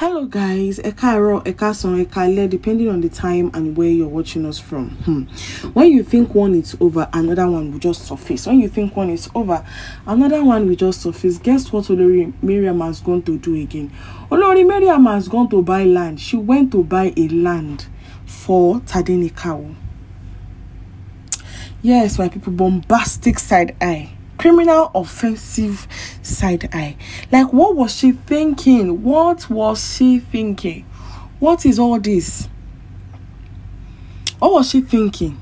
Hello guys, Ekaro, Ekason, Ekale, depending on the time and where you're watching us from. Hmm. When you think one is over, another one will just surface. When you think one is over, another one will just surface. Guess what Olori Miriam has gone to do again? Olori Miriam has gone to buy land. She went to buy a land for Tadenikawo. Yes, my people, bombastic side eye criminal offensive side eye. Like, what was she thinking? What was she thinking? What is all this? What was she thinking?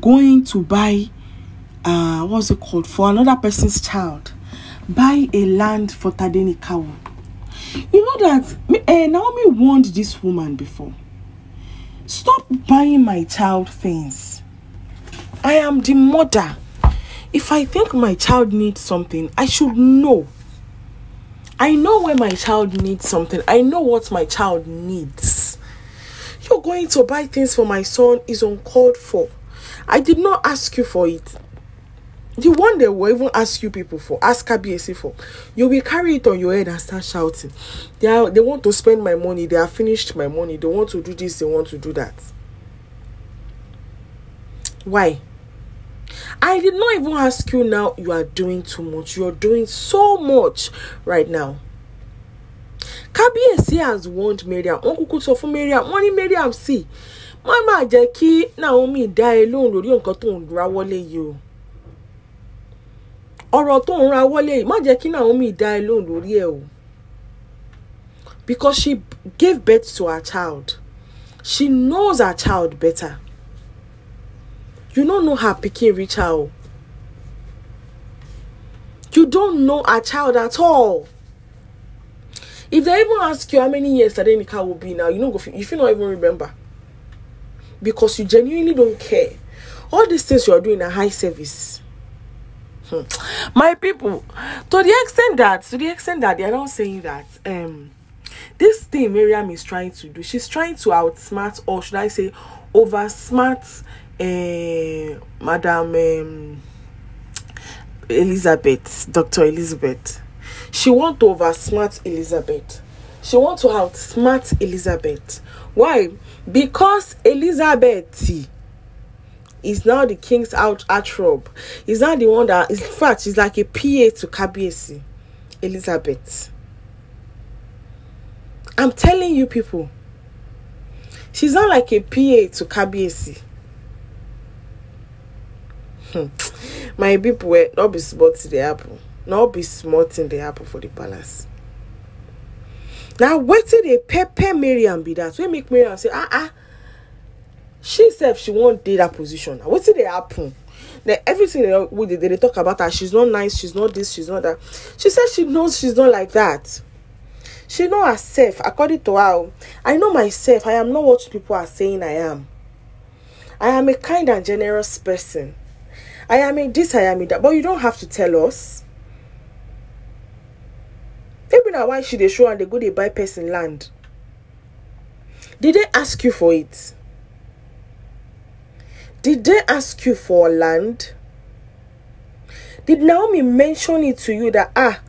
Going to buy, uh, what's it called, for another person's child? Buy a land for Tadeni Kawu. You know that uh, Naomi warned this woman before. Stop buying my child things. I am the mother. If I think my child needs something, I should know. I know when my child needs something. I know what my child needs. You're going to buy things for my son is uncalled for. I did not ask you for it. The one they will even ask you people for, ask KBSC for, you will carry it on your head and start shouting. They are, they want to spend my money. They have finished my money. They want to do this. They want to do that. Why? I did not even ask you now. You are doing too much. You are doing so much right now. Kábíyèsí has warned Mariam. Wọ́n kúkú sọ fún Mariam. Wọ́n ní Mariam Mama Wọ́n máa jẹ́ kí Naomi dá ẹ lóhùn lórí nǹkan tó ń ra wọlé yìí o. Ọ̀rọ̀ tó ń Naomi dá ẹ lóhùn lórí Because she gave birth to her child. She knows her child better. you don't know her picking reach child. You don't know a child at all. If they even ask you how many years that any car will be now, you know, if you don't even remember, because you genuinely don't care. All these things you are doing are high service. Hmm. My people, to the extent that, to the extent that they are not saying that, um, this thing Miriam is trying to do, she's trying to outsmart, or should I say, oversmart uh, Madam Elizabeth, Dr. Elizabeth. She want to oversmart Elizabeth. She want to outsmart Elizabeth. Why? Because Elizabeth is now the king's out atrob. Is now the one that is fat. fact, she's like a PA to Kabiesi. Elizabeth. I'm telling you people. She's not like a PA to Kabiesi. Hmm. my people were not be small the apple. not be small the apple for the palace na wetin dey pepper mariam be that We make Miriam say ah ah she said she wan that position What did they happen na everything they wey talk about her she's not nice she's not this she's not that she said she knows she's not like that she know herself according to her i know myself i am not what people are saying i am i am a kind and generous person I am in this, I am in that. But you don't have to tell us. Maybe now why should they show and they go they buy person land? Did they ask you for it? Did they ask you for land? Did Naomi mention it to you that ah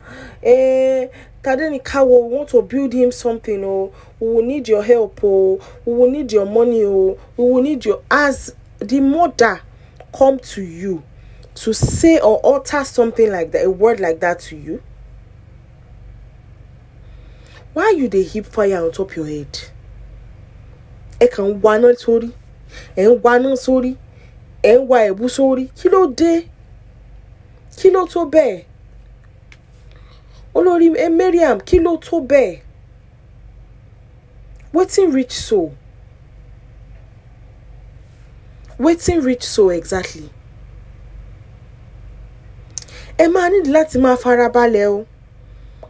eh Tadenikawa will want to build him something or oh, we will need your help or oh, we will need your money or oh, we will need your as the mother come to you to say or utter something like that, a word like that to you? Why you dey heap fire on top your head? Ẹ can ń wa náà sórí, ẹ̀ ń wa náà sórí, ẹ̀ ń Kilo ẹ̀bú sórí. Kí ló dé? Kí ló tó bẹ́ẹ̀? Olórí ẹ Mariam kí ló so? Waiting rich so exactly? ẹ máa nídìí láti máa farabalẹ̀ o.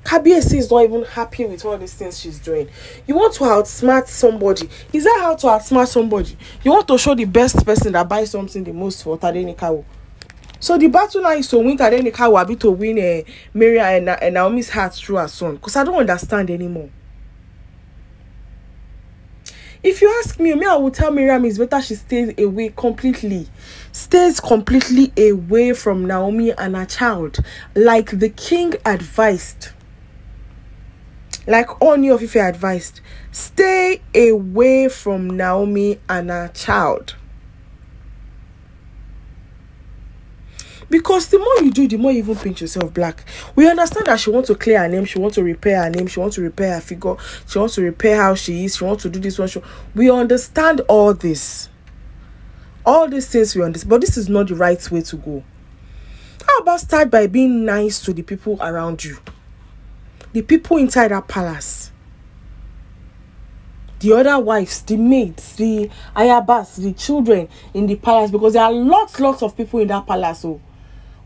Kabiyesi is not even happy with all these things she's doing. You want to outsmart somebody. Is that how to outsmart somebody? You want to show the best person that buy something the most for Tadenikawo. So the battle now is to win Tadenikawo abi to win uh, Mary and uh, eh, eh, Naomi's heart through her son. Because I don't understand anymore. if you ask me me i will tell miriam it's better she stays away completely stays completely away from naomi and her child like the king advised like only of if you advised stay away from naomi and her child because the more you do the more you even paint yourself black we understand that she wants to clear her name she wants to repair her name she wants to repair her figure she wants to repair how she is she wants to do this one we understand all this all these things we understand but this is not the right way to go how about start by being nice to the people around you the people inside that palace the other wives, the maids, the ayabas, the children in the palace because there are lots, lots of people in that palace. Oh, so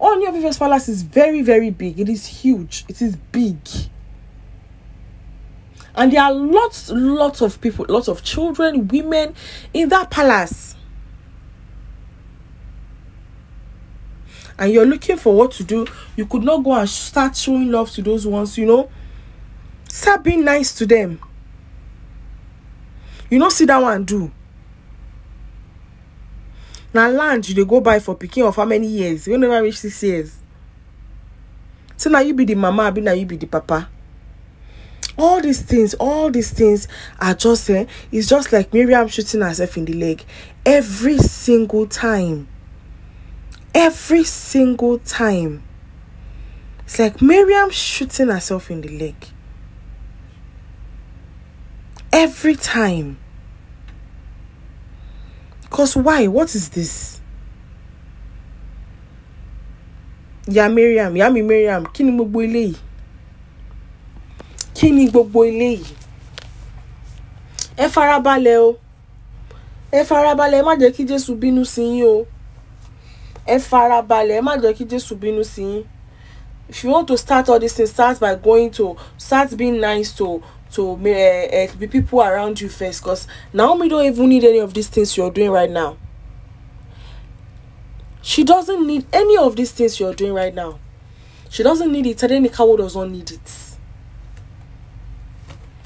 your Vivian's palace is very, very big. It is huge. It is big. And there are lots, lots of people, lots of children, women in that palace. And you're looking for what to do. You could not go and start showing love to those ones, you know. Start being nice to them. You know, see that one do na land you they go buy for picking of how many years wey never reach six years so now you be the mama be now you be the papa all these things all these things are just eh it's just like miriam shooting herself in the leg every single time every single time it's like miriam shooting herself in the leg every time Because why? What is this? Ya Miriam. ya mi Miriam. Kini ni gbogbo eléyìí? Kí ni gbogbo eléyìí? Ẹ farabalẹ̀ o. Ẹ farabalẹ̀, ẹ má jẹ́ kí Jésù bínú sí yín o. Ẹ farabalẹ̀, ẹ má jẹ́ kí Jésù bínú sí yín. If you want to start all this thing, start by going to, start being nice to to uh, be people around you first because Naomi don't even need any of these things you're doing right now. She doesn't need any of these things you're doing right now. She doesn't need it. Tade Nikawo does not need it.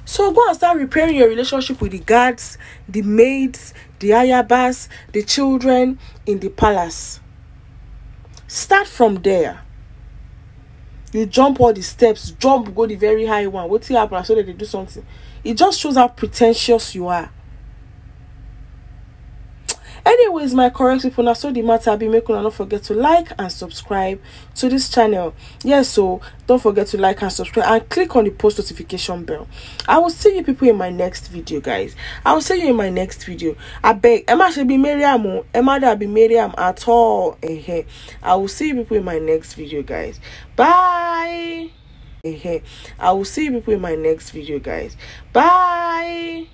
So go and start repairing your relationship with the guards, the maids, the ayabas, the children in the palace. Start from there you jump all the steps jump go the very high one wetin happen i so that they do something It just shows how pretentious you are anyways my correct people now so the matter be making do not forget to like and subscribe to this channel yes yeah, so don't forget to like and subscribe and click on the post notification bell i will see you people in my next video guys i will see you in my next video i beg emma should be miriam emma that be miriam at all i will see you people in my next video guys bye i will see you people in my next video guys bye